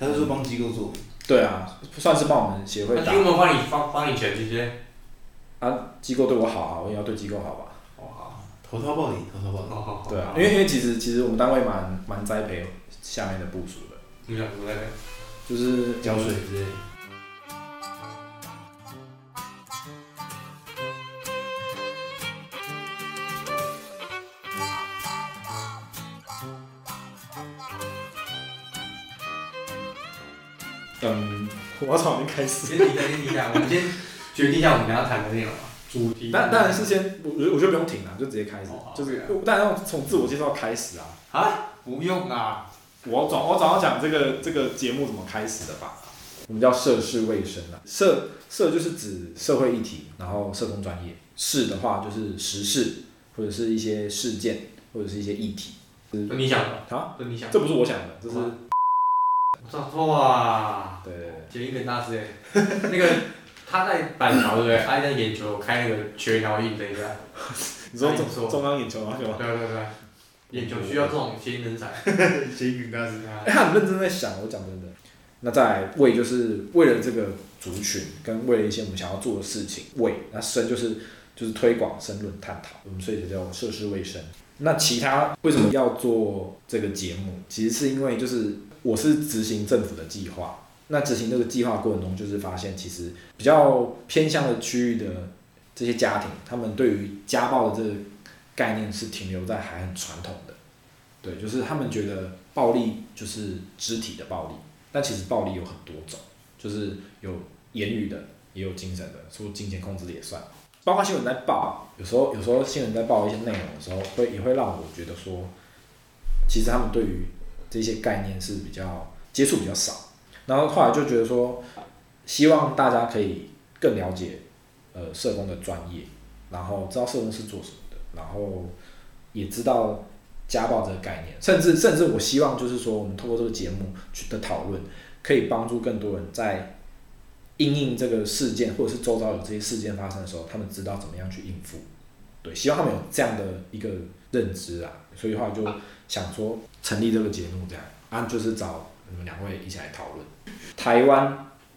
他就是幫機構做，嗯。對啊，算是幫我們協會打。那機構幫你發發你錢這些？啊，機構對我好啊，我也要對機構好吧。哇，投桃報李，投桃報李。好好好。對啊，因為因為其實其實我們單位蠻蠻栽培下面的部署的。你想說栽培？嗯、就是澆水，水之類的。我從已經開始。先停一下， 我們先決定一下我們倆要談的內容啊。 主題但？但當然是先，我我就不用停了，就直接開始，哦、就是個、啊。當然要從自我介紹開始啊。啊？不用啊。我總我總要講這個這個節目怎麼開始的吧。我們叫社事為申啊？社社就是指社會議題，然後社工專業。事的話就是時事或者是一些事件或者是一些議題。那你想？啊？那你想？這不是我想的，這是、嗯。哇！對對對，諧音梗大師耶， 那個他在板橋對不對？他在眼球開那個條協調一堆的， 你說怎麼說？中央眼球啊？對吧？對對對，我 眼球需要這種諧音人才，諧音梗大師、 欸、他很認真在想，我講真的。那在為就是為了這個族群，跟為了一些我們想要做的事情，為那申就是就是推廣、申論、探討，我們所以就叫社事為申。那其他為什麼要做這個節目？其實是因為就是。我是執行政府的計劃，那執行這個計劃過程中，就是發現其實比較偏向的區域的這些家庭，他們對於家暴的這個概念是停留在還很傳統的，對，就是他們覺得暴力就是肢體的暴力，但其實暴力有很多種，就是有言語的，也有精神的，說金錢控制的也算。包括新聞在報，有時候有時候新聞在報一些內容的時候，會也會讓我覺得說，其實他們對於。這些概念是比較接觸比較少，然後後來就覺得說，希望大家可以更了解，呃，社工的專業，然後知道社工是做什麼的，然後也知道家暴這個概念，甚至甚至我希望就是說，我們透過這個節目的討論，可以幫助更多人在因應這個事件，或者是周遭有這些事件發生的時候，他們知道怎麼樣去應付。對，希望他們有這樣的一個認知啊，所以的話就想說，成立這個節目這樣，啊，就是找你們兩位一起來討論。台灣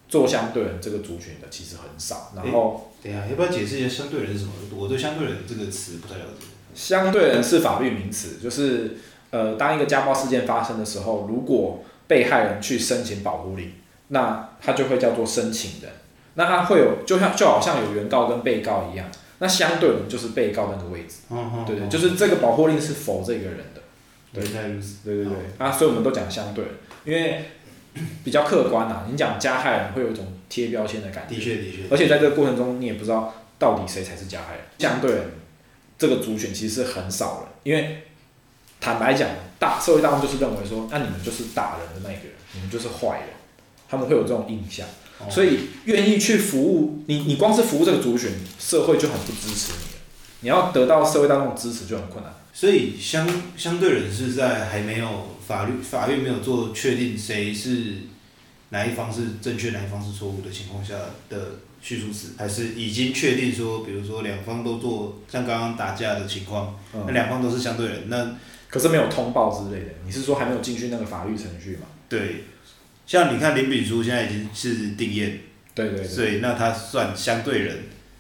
做相對人這個族群的其實很少，然後對啊、欸，等一下，要不要解釋一下相對人是什麼？我對“相對人”這個詞不太了解。相對人是法律名詞，就是呃，當一個家暴事件發生的時候，如果被害人去申請保護令，那他就會叫做申請的申請人，那他會有就像就好像有原告跟被告一樣，那相對人就是被告那個位置。哦、嗯，對、嗯、對，嗯、就是這個保護令是 for 這個人的。對，對對對啊，所以我們都講相對，因為比較客觀啊，你講加害人，會有一種貼標籤的感覺。的確的確。的確，而且在這個過程中，你也不知道到底誰才是加害人。相對人這個族群其實是很少人。因為坦白講，大社會大眾就是認為說，那、啊、你們就是打人的那個人，你們就是壞人，他們會有這種印象。哦、所以願意去服務你，你光是服務這個族群，社會就很不支持你了。你要得到社會大眾的支持，就很困難。所以相相對人是在還沒有法律，法律沒有做確定誰是哪一方是正確，哪一方是錯誤的情況下，的敘述詞，還是已經確定說，比如說兩方都做，像剛剛打架的情況，嗯、那兩方都是相對人，那可是沒有通報之類的，你是說還沒有進去那個法律程序嗎？對，像你看林秉樞現在已經是定讞，對，對對，所以那他算相對人，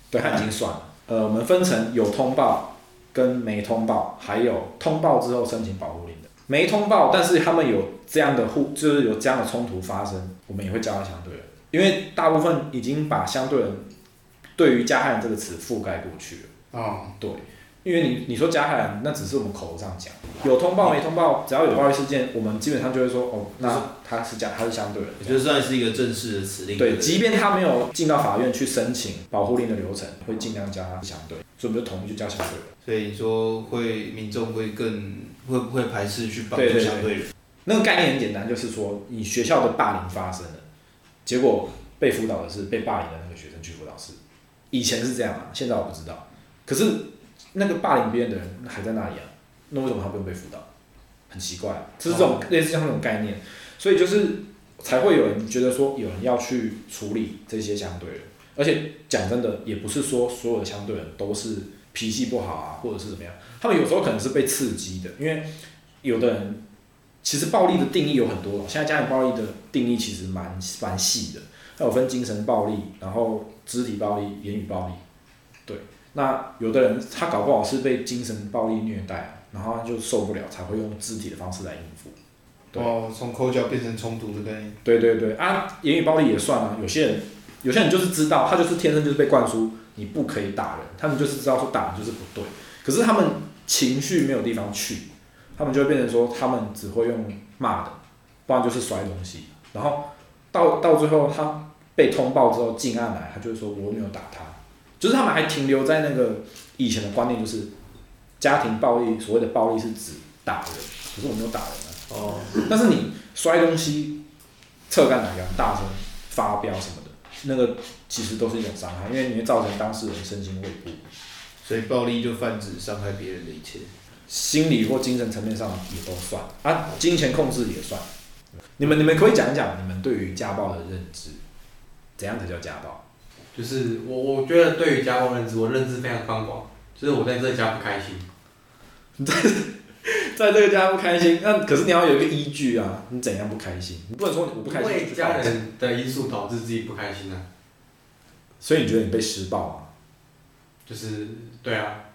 對，他已經算了。呃，我們分成有通報。跟沒通報，還有通報之後申請保護令的，沒通報，但是他們有這樣的互，就是有這樣的衝突發生，我們也會叫他相對人，因為大部分已經把相對人對於加害人這個詞覆蓋過去了啊，哦、對。因為你你說加害人那只是我們口頭上講，有通報沒通報，只要有暴力事件，我們基本上就會說哦，那他是加，他是相對人，就算是一個正式的指令。對，即便他沒有進到法院去申請保護令的流程，會盡量加他是相對，所以我們就統一就加相對人。所以你說會民眾會更會不會排斥去保護相，相對人？那個概念很簡單，就是說你學校的霸凌發生了，結果被輔導的是被霸凌的那個學生去輔導室。以前是這樣啊，現在我不知道，可是。那個霸凌別人的人還在那裡啊？那為什麼他不用被輔導？很奇怪啊，這是這種類似像這種概念，所以就是才會有人覺得說有人要去處理這些相對人，而且講真的，也不是說所有的相對人都是脾氣不好啊，或者是怎麼樣，他們有時候可能是被刺激的，因為有的人其實暴力的定義有很多，現在家庭暴力的定義其實蠻蠻細的，它有分精神暴力，然後肢體暴力、言語暴力，對。那有的人他搞不好是被精神暴力虐待，然後他就受不了才會用肢體的方式來應付。哦，從口角變成衝突對對對，對啊，言語暴力也算啊。有些人有些人就是知道，他就是天生就是被灌輸你不可以打人，他們就是知道說打人就是不對，可是他們情緒沒有地方去，他們就會變成說他們只會用罵的，不然就是摔東西。然後到到最後他被通報之後進案來，他就會說我沒有打他。只是他們還停留在那個以前的觀念，就是家庭暴力。所謂的暴力是指打人，可是我沒有打人啊。哦。Oh. 但是你摔東西、側干奶羊、大聲發飆什麼的，那個其實都是一種傷害，因為你會造成當事人身心未故。所以暴力就泛指傷害別人的一切，心理或精神層面上也都算啊，金錢控制也算。嗯、你們你們可以講一講你們對於家暴的，的認知，怎樣才叫家暴？就是我，我覺得對於家暴認知，我認知非常寬廣。就是我在這家不開心，在在這個家不開心。那 可是你要有一個依據啊！你怎樣不開心？你不能說我不開心。因為家人的因素導致自己不開心啊。所以你覺得你被施暴啊？嗯、就是對啊，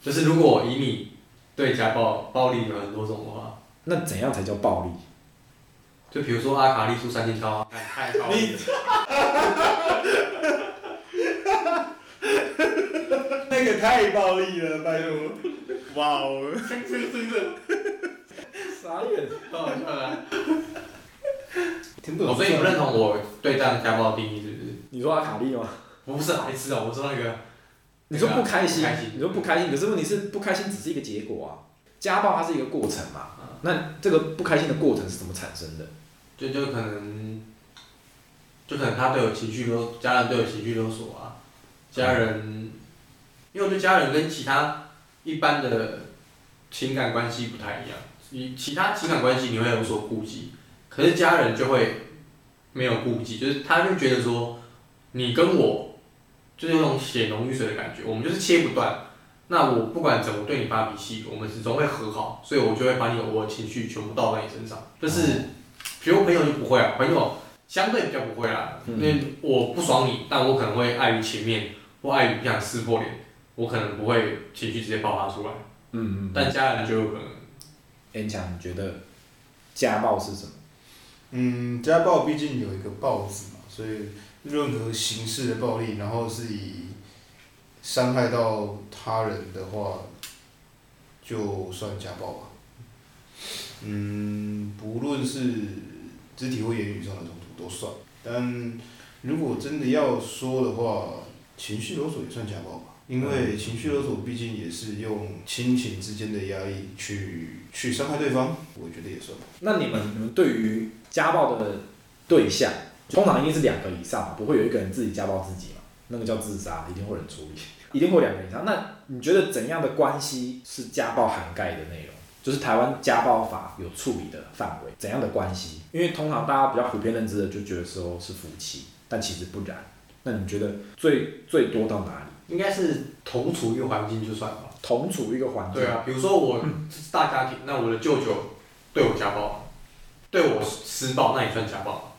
就是如果以你對家暴暴力有很多種的話，那怎樣才叫暴力？就比如說阿卡麗出三千超啊，太暴力了 你 那個太暴力了，拜託！哇哦，這個真的啥意思？不好笑啊！來來我所以不認同我對這樣家暴的定義，是不是？你說阿卡麗嗎？我不是孩子啊。我說那個。你說不開心？開心你說不開心？可是問題是，不開心只是一個結果啊。家暴它是一個過程嘛？嗯、那這個不開心的過程是怎麼產生的？就就可能，就可能他對我都有情緒勒，家人對我都有情緒勒索啊，家人。嗯因為對家人跟其他一般的情感關係不太一樣，你其他情感關係你會有所顧忌，可是家人就會沒有顧忌，就是他就覺得說，你跟我就是那種血濃於水的感覺，嗯、我們就是切不斷。那我不管怎麼對你發脾氣，我們始終會和好，所以我就會把你我的情緒全部倒在你身上。就是、嗯、比如我朋友就不會啊，朋友相對比較不會啦、嗯、因為我不爽你，但我可能會礙於情面或礙於不想撕破臉。我可能不會情緒直接爆發出來，嗯嗯，但家人就很可能。強、嗯，你覺得家暴是什麼？嗯，家暴畢竟有一個“暴”字嘛，所以任何形式的暴力，然後是以傷害到他人的話，就算家暴吧。嗯，不論是肢體或言語上的衝突都算，但如果真的要說的話，情緒勒索也算家暴吧。因為情緒勒索畢竟也是用親情之間的壓抑去去傷害對方，我覺得也算。那你們你們對於家暴的對象，通常一定是兩個以上，不會有一個人自己家暴自己嘛？那個叫自殺，一定會有人處理， 一定會有兩個人以上。那你覺得怎樣的關係是家暴涵蓋的內容？就是台灣家暴法有處理的範圍，怎樣的關係？因為通常大家比較普遍認知的就覺得說是夫妻，但其實不然。那你覺得最最多到哪裡？應該是同處一個環境就算了。同處一個環境。對啊，比如說我這是大家庭， 那我的舅舅對我家暴，對我施暴，那也算家暴。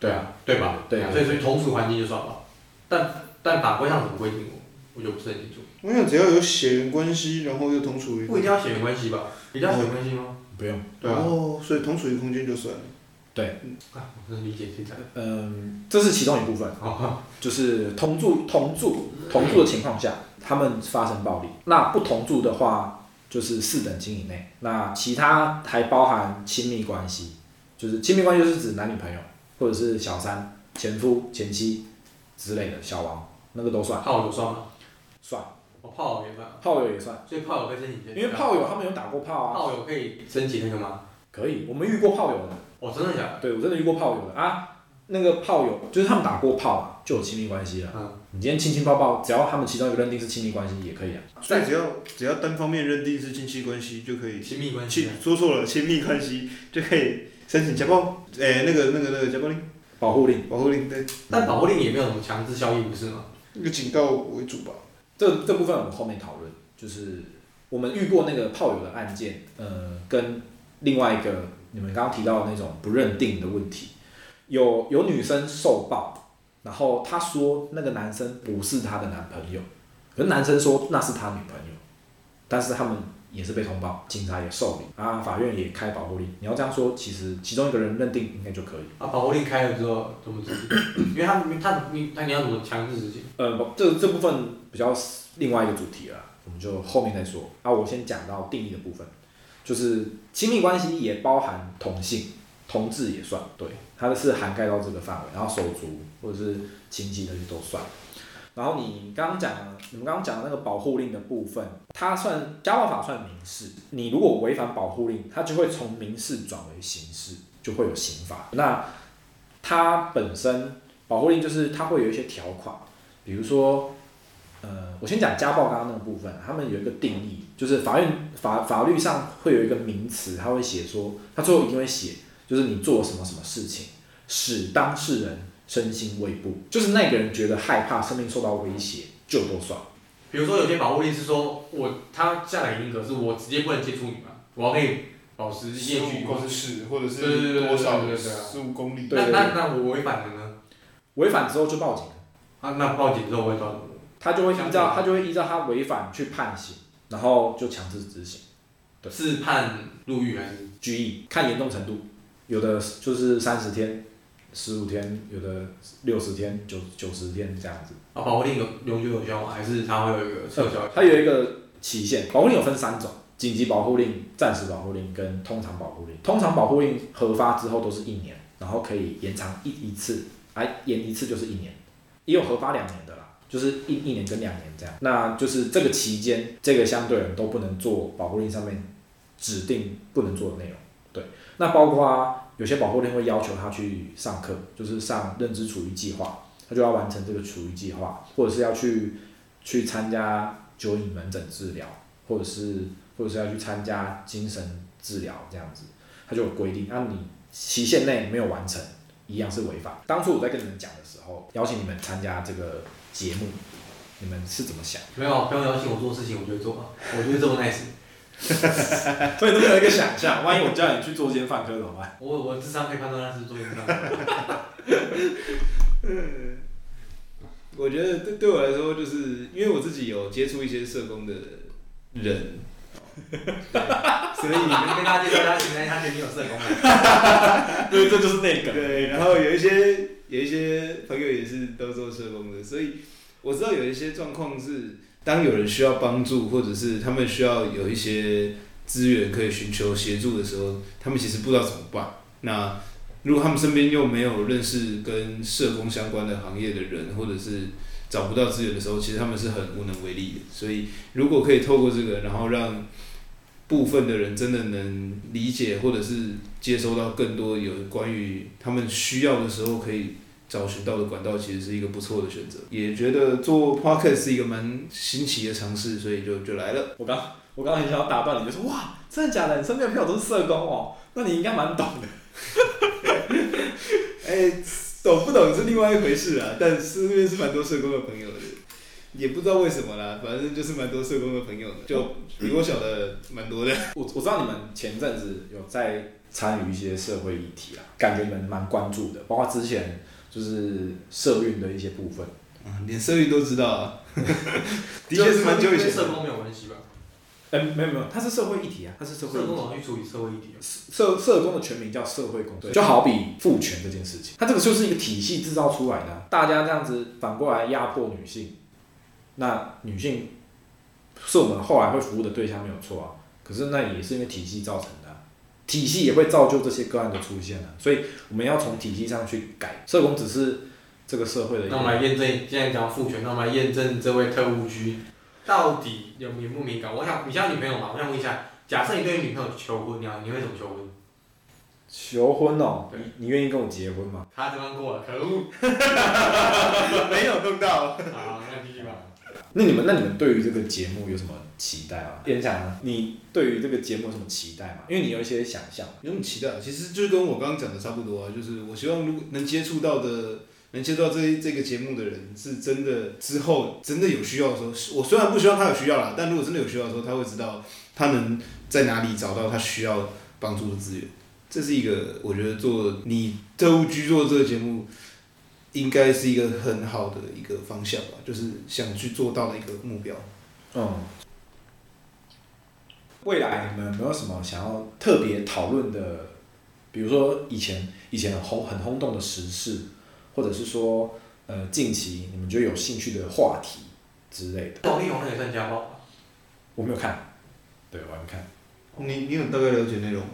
對啊。對吧？對啊。所以所以同處環境就算了，但但法規上怎麼規定我？我就不是很清楚。我想只要有血緣關係，然後又同處於……不一定要血緣關係吧？一定要血緣關係嗎？不用。哦。對啊。哦，所以同處於空間就算了。對，啊，我能理解其他。嗯，這是其中一部分，就是同住同住同住的情況下，他們發生暴力。那不同住的話，就是四親等以內。那其他還包含親密關係，就是親密關係是指男女朋友，或者是小三、前夫、前妻之類的，小王那個都算。炮友算嗎？算，哦，炮友也算炮友也算，所以炮友可以申請。因為炮友他們有打過炮啊，炮友可以申請那個嗎？嗯可以，我們遇過炮友的。哦，真的假的？對，我真的遇過炮友的啊。那個炮友就是他們打過炮啊，就有親密關係了。嗯。你今天親親抱抱，只要他們其中一個認定是親密關係，也可以啊。所以只要只要單方面認定是近親關係就可以。親密關係。說錯了，親密關係就可以申請家暴。哎，那個那個那個家暴令，保護令，保護令對。但保護令也沒有什麼強制效力，不是嗎？一個警告為主吧。這這部分我們後面討論。就是我們遇過那個炮友的案件，呃，跟。另外一個，你們剛剛提到的那種不認定的問題，有有女生受暴，然後她說那個男生不是她的男朋友，可是男生說那是他女朋友，但是他們也是被通報，警察也受理啊，然後法院也開保護令。你要這樣說，其實其中一個人認定應該就可以。啊，保護令開了之後怎麼執行？咳咳因為他他你他你要怎麼強制執行？呃，這這部分比較另外一個主題了，我們就後面再說。啊，我先講到定義的部分。就是親密關係也包含同性，同志也算，對，它是涵蓋到這個範圍，然後手足或者是親戚的都算。然後你剛剛講的，你們剛剛講的那個保護令的部分，它算《家暴法》算民事，你如果違反保護令，它就會從民事轉為刑事，就會有刑法。那它本身保護令就是它會有一些條款，比如說。呃，我先講家暴剛剛那個部分，他們有一個定義，就是法院法法律上會有一個名詞，他會寫說，他最後一定會寫，就是你做了什麼什麼事情，使當事人身心畏怖，就是那個人覺得害怕，生命受到威脅，就都算。比如說有些保護令是說，我他下來嚴格，是我直接不能接觸你嘛，我要跟你保持一定距離，十公尺或者是多少？十五公里。那那那我違反了呢？違反之後就報警。啊，那報警之後會抓？他就會依照他就會依照他違反去判刑，然後就強制執行。是判入獄還是拘役？看嚴重程度，有的就是三十天、十五天，有的六十天、九九十天這樣子。啊，保護令有永久有效嗎？還是它會有一個撤銷？它、嗯、有一個期限。保護令有分三種：緊急保護令、暫時保護令跟通常保護令。通常保護令核發之後都是一年，然後可以延長一一次，哎，延一次就是一年，也有核發兩年的。就是一一年跟兩年這樣，那就是這個期間，這個相對人都不能做保護令上面指定不能做的內容。對，那包括有些保護令會要求他去上課，就是上認知處遇計畫，他就要完成這個處遇計畫，或者是要去去參加酒癮門診治療，或者是或者是要去參加精神治療這樣子，他就有規定。那你期限內沒有完成，一樣是違法。當初我在跟你們講的時候，邀請你們參加這個，節目，你們是怎麼想？ 沒有朋友邀請我做事情，我就會做嘛。我覺得這麼 nice，哈哈哈所以都沒有一個想象，萬一、欸、我叫你去做奸犯科怎麼辦？我我智商可以判斷他是做奸犯科。 我覺得對對我來說，就是因為我自己有接觸一些社工的人，所以你跟大家介紹起來，他覺得你有社工的，對，這就是那個。對，然後有一些。有一些朋友也是都做社工的，所以我知道有一些狀況是，當有人需要幫助，或者是他們需要有一些資源可以尋求協助的時候，他們其實不知道怎麼辦。那如果他們身邊又沒有認識跟社工相關的行業的人，或者是找不到資源的時候，其實他們是很無能為力的。所以如果可以透過這個，然後讓部分的人真的能理解，或者是接收到更多有關於他們需要的時候可以。找尋到的管道其實是一個不錯的選擇，也覺得做 Podcast 是一個蠻新奇的嘗試，所以就就來了。我剛我剛剛很想要打斷你，就說哇，真的假的？你身邊朋友都是社工哦？那你應該蠻懂的。哎、 欸，懂不懂是另外一回事啊，但身邊是蠻多社工的朋友的，也不知道為什麼啦，反正就是蠻多社工的朋友的，就我、嗯、比我小的蠻多的。我我知道你們前陣子有在參與一些社會議題啊，感覺你們蠻關注的，包括之前。就是社運的一些部分。啊，連社運都知道啊， 的確是蠻久以前，社工沒有關係吧？哎、欸，沒有沒有，它是社會議題啊，它是社會。社工容易處理社會議題。社社工的全名叫社會工，對，就好比父權這件事情，它這個就是一個體系製造出來的。啊，大家這樣子反過來壓迫女性，那女性是我們後來會服務的對象沒有錯啊，可是那也是因為體系造成的。體系也會造就這些個案的出現的、啊，所以我們要從體系上去改。社工只是這個社會的一個人。那麼來驗證，現在講父權，那麼來驗證這位特務 G 到底有敏不敏感？我想你像女朋友嘛，我想問一下，假設你對你女朋友求婚，你要你會怎麼求婚？求婚哦、喔對，你你願意跟我結婚嗎？他這樣過了，可惡，沒有碰空到。好，那繼續吧。那你們那你們對於這個節目有什麼期待嗎？講啊，你對於這個節目有什麼期待嗎？因為你有一些想象有什麼期待？其實就跟我剛剛講的差不多啊，就是我希望如果能接觸到的，能接觸到這這個節目的人，是真的之後真的有需要的時候，我雖然不希望他有需要啦，但如果真的有需要的時候，他會知道他能在哪裡找到他需要幫助的資源。這是一個我覺得做你周居做這個節目。應該是一個很好的一個方向吧，就是想去做到的一個目標。嗯。未來你們沒有什麼想要特別討論的，比如說以前以前很轟很轟動的時事，或者是說呃近期你們覺得有興趣的話題之類的。王力宏也算家暴？我沒有看，對，我還沒有看。你你有大概了解內容嗎？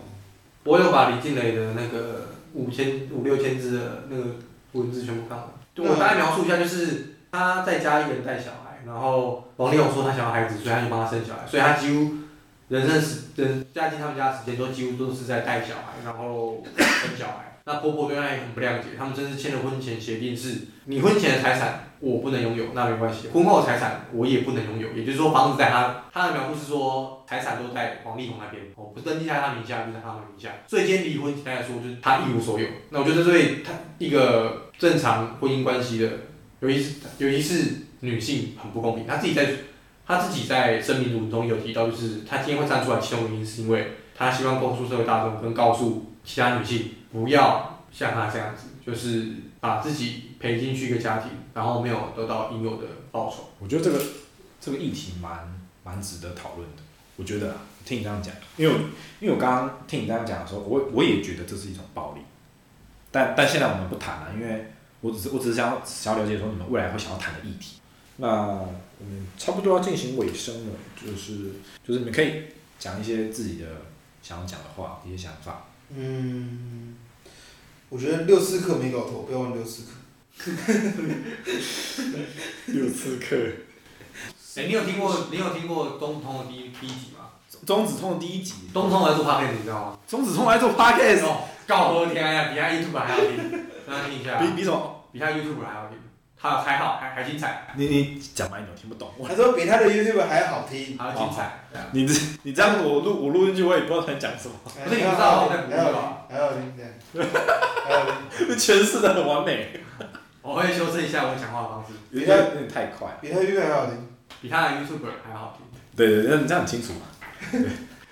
我有把李靚蕾的那個五千五六千字的那個，文字全部看了，嗯，就我大概描述一下，就是他在家一個人帶小孩，然後王力宏說他想要孩子，所以他就幫他生小孩，所以他幾乎人生時人嫁進他們家的時間都幾乎都是在帶小孩，然後 生小孩。那婆婆對他也很不諒解，他們真是簽了婚前協定，是你婚前的財產我不能擁有，那沒關係，婚後財產我也不能擁有，也就是說房子在他，他的描述是說財產都在王力宏那邊，我不是登記在他名下，就在他的名下，所以今天離婚簡單來說就是他一無所有，那我覺得對他一個正常婚姻關係的，尤其是尤其是女性很不公平，她自己在她自己在聲明中中有提到，就是她今天會站出來名，其中原因是因為她希望告訴社會大眾，跟告訴其他女性。不要像他這樣子，就是把自己賠進去一個家庭，然後沒有得到應有的報酬。我覺得這個這個議題蠻蠻值得討論的。我覺得聽你這樣講，因為因為我剛剛聽你這樣講的時候，我我也覺得這是一種暴力。但但現在我們不談了，因為我只是我只是想要想要了解說你們未來會想要談的議題。那我們差不多要進行尾聲了，就是就是你可以講一些自己的想要講的話，一些想法。嗯，我覺得六次課沒搞頭，不要問六次課。 六次課克。哎、欸，你有聽過，克你有聽過宗子聰的第一第一集嗎？中，中子通的第一集。宗子聰還做 podcast 你知道嗎？中子通來做 podcast、嗯、哦，告我的天呀、啊，比下 YouTube 還要聽，大家聽一下、啊。比比什麼？比下 YouTube 還好，還好，還還精彩。你你講完你都聽不懂。我還說比他的 YouTuber 還好聽，還要精彩。你這你這樣我錄我錄進去，我也不知道他講什麼。不是你不知道，我在鼓搗。還好聽，還好聽，詮釋的很完美。我會修正一下我講話的方式，有點有點太快。比他 YouTuber 還好聽，比他的 YouTuber 還好聽。對對，這樣這樣很清楚嘛。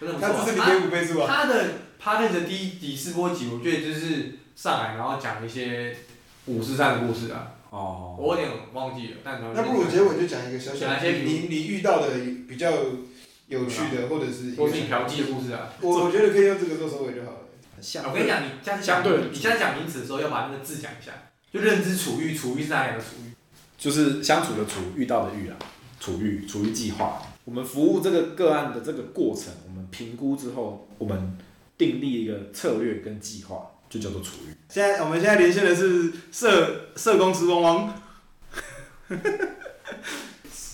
真的不錯。他的他的第一集四波集，我覺得就是上海，然後講一些五四三的故事啊。哦，oh. 我有點忘記了，但那不如結尾就講一個小小的，哪些你？你你遇到的比較有趣的，啊、或者是。或是調劑的故事啊。我我覺得可以用這個做收尾就好了。對啊、我跟你講，你下次相對，你下次講名詞的時候，要把那個字講一下，就認知處遇，處遇是哪個處遇？就是相處的處，遇到的遇啊，處遇，處遇計劃。我們服務這個個案的這個過程，我們評估之後，我們訂立一個策略跟計劃。就叫做“處遇。現在，我們現在連線的是社社工師汪汪。哈哈哈哈哈。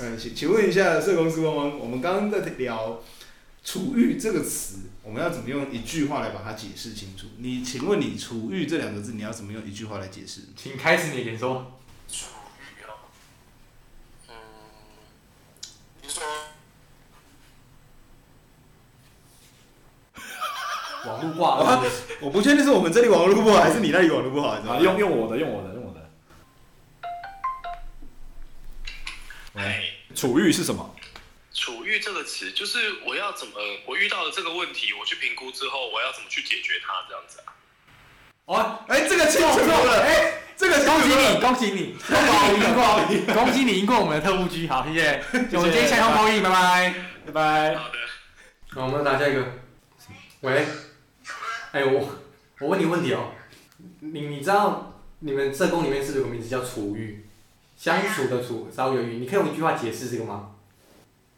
嗯，請請問一下社工師汪汪，我們剛剛在聊“處遇這個詞，我們要怎麼用一句話來把它解釋清楚？你請問，“你處遇這兩個字，你要怎麼用一句話來解釋？請開始你的演說。網路不好，我不確定是我們這裡網路不好，還是你那裡網路不好，你知道用用我的，用我的，用我的。哎，處遇是什麼？處遇這個詞，就是我要怎麼，我遇到了這個問題，我去評估之後，我要怎麼去解決它，這樣子啊？哦，哎，這個清楚了，哎，這個恭喜你，恭喜你，好贏，好贏，恭喜你贏過我們的特務 G，好，謝謝，我們今天先好交易，拜拜，拜拜，好的，那我們打下一個，喂。哎、欸，我我問你個問題哦，你你知道你們社工裡面是不是有個名字叫“處遇”，相處的“處”稍有餘，你可以用一句話解釋這個嗎？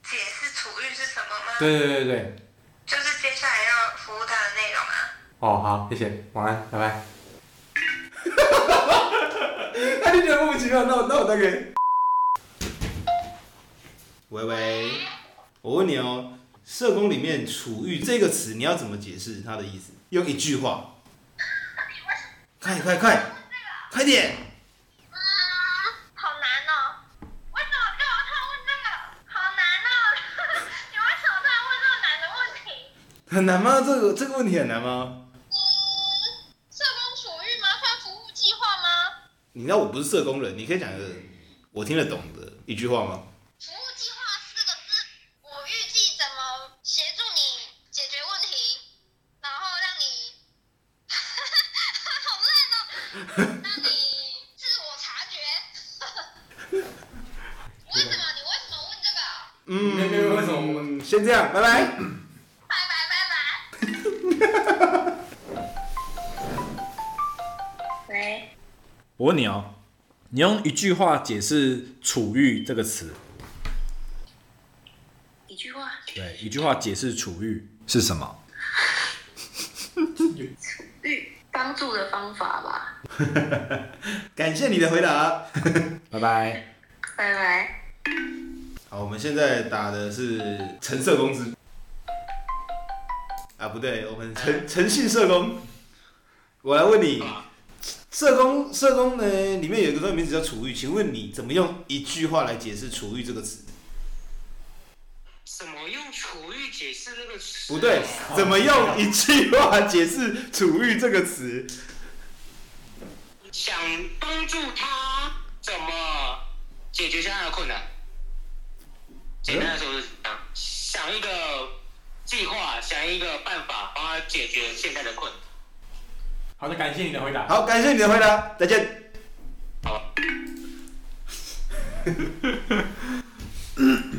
解釋“處遇”是什麼嗎？對對對對。就是接下來要服務他的內容啊。哦，好，謝謝，晚安，拜拜。哈哈哈哈哈哈！那你覺得莫名其妙？那我那我再給。喂喂，喂我問你哦。社工裡面“處遇”這個詞，你要怎麼解釋它的意思？用一句話。快快快，快，快點！好難哦，為什麼我他問這個？好難哦，你為什麼問這麼難的問題？很難嗎？這個這個問題很難嗎？社工處遇嗎？算服務計劃嗎？你知道我不是社工人，你可以講一個我聽得懂的一句話嗎？先這樣，拜拜。拜拜拜拜。拜拜 喂。我問你哦，你用一句話解釋“處遇”這個詞。一句話。對，一句話解釋“處遇”是什麼？哈哈哈，處遇幫助的方法吧。 感謝你的回答。 拜拜。拜拜。我們現在打的是陳社公職，啊，不對，我們誠誠信社工，我來問你，什麼？社工社工呢，裡面有一個名字叫處遇，請問你怎麼用一句話來解釋“處遇”這個詞？什麼用楚“處遇”解釋這個詞？不對，怎麼用一句話解釋“處遇”這個詞？啊、個想幫助他，怎麼解決現在的困難？簡單的說就是想想一個計劃，想一個辦法，幫他解決現在的困難。好的，感謝你的回答。好，感謝你的回答，再見。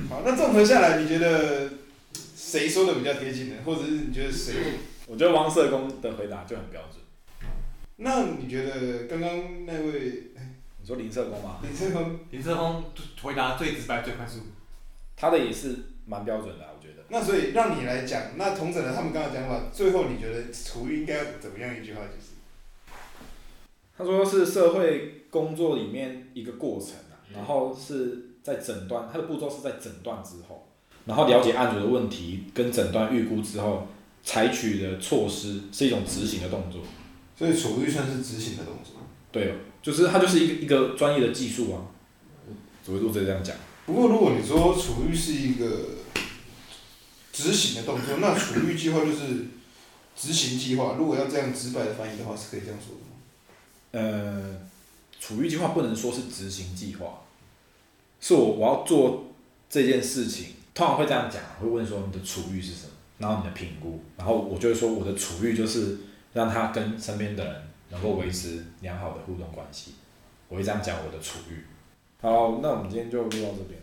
好，那綜合下來，你覺得誰說的比較貼近呢？或者是你覺得誰？我覺得王社工的回答就很標準。那你覺得剛剛那位？你說林社工吧。林社工。林社工回答最直白、最快速。他的也是蠻標準的、啊，我覺得。那所以讓你來講，那童主任他們剛才講話，最後你覺得處遇應該怎麼樣？一句話就是，他說是社會工作裡面一個過程啊，然後是在診斷，嗯、他的步驟是在診斷之後，然後了解案主的問題跟診斷預估之後，採取的措施是一種執行的動作。嗯、所以，處遇算是執行的動作。對、哦，就是他就是一個一個專業的技術啊。嗯、主任這樣講。不過，如果你說處遇是一個執行的動作，那處遇計劃就是執行計劃。如果要這樣直白的翻譯的話，是可以這樣說的嗎？呃，處遇計劃不能說是執行計劃，是我我要做這件事情。通常會這樣講，會問說你的處遇是什麼，然後你的評估，然後我就會說我的處遇就是讓他跟身邊的人能夠維持良好的互動關係。對我會這樣講我的處遇。好，那我們今天就錄到這邊。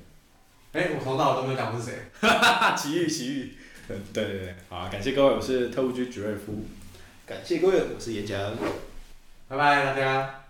哎、欸，我從頭到尾都沒有講我是誰， 奇遇奇遇。 對對對，好，感謝各位，我是特務局主任夫，感謝各位，我是嚴強，拜拜大家。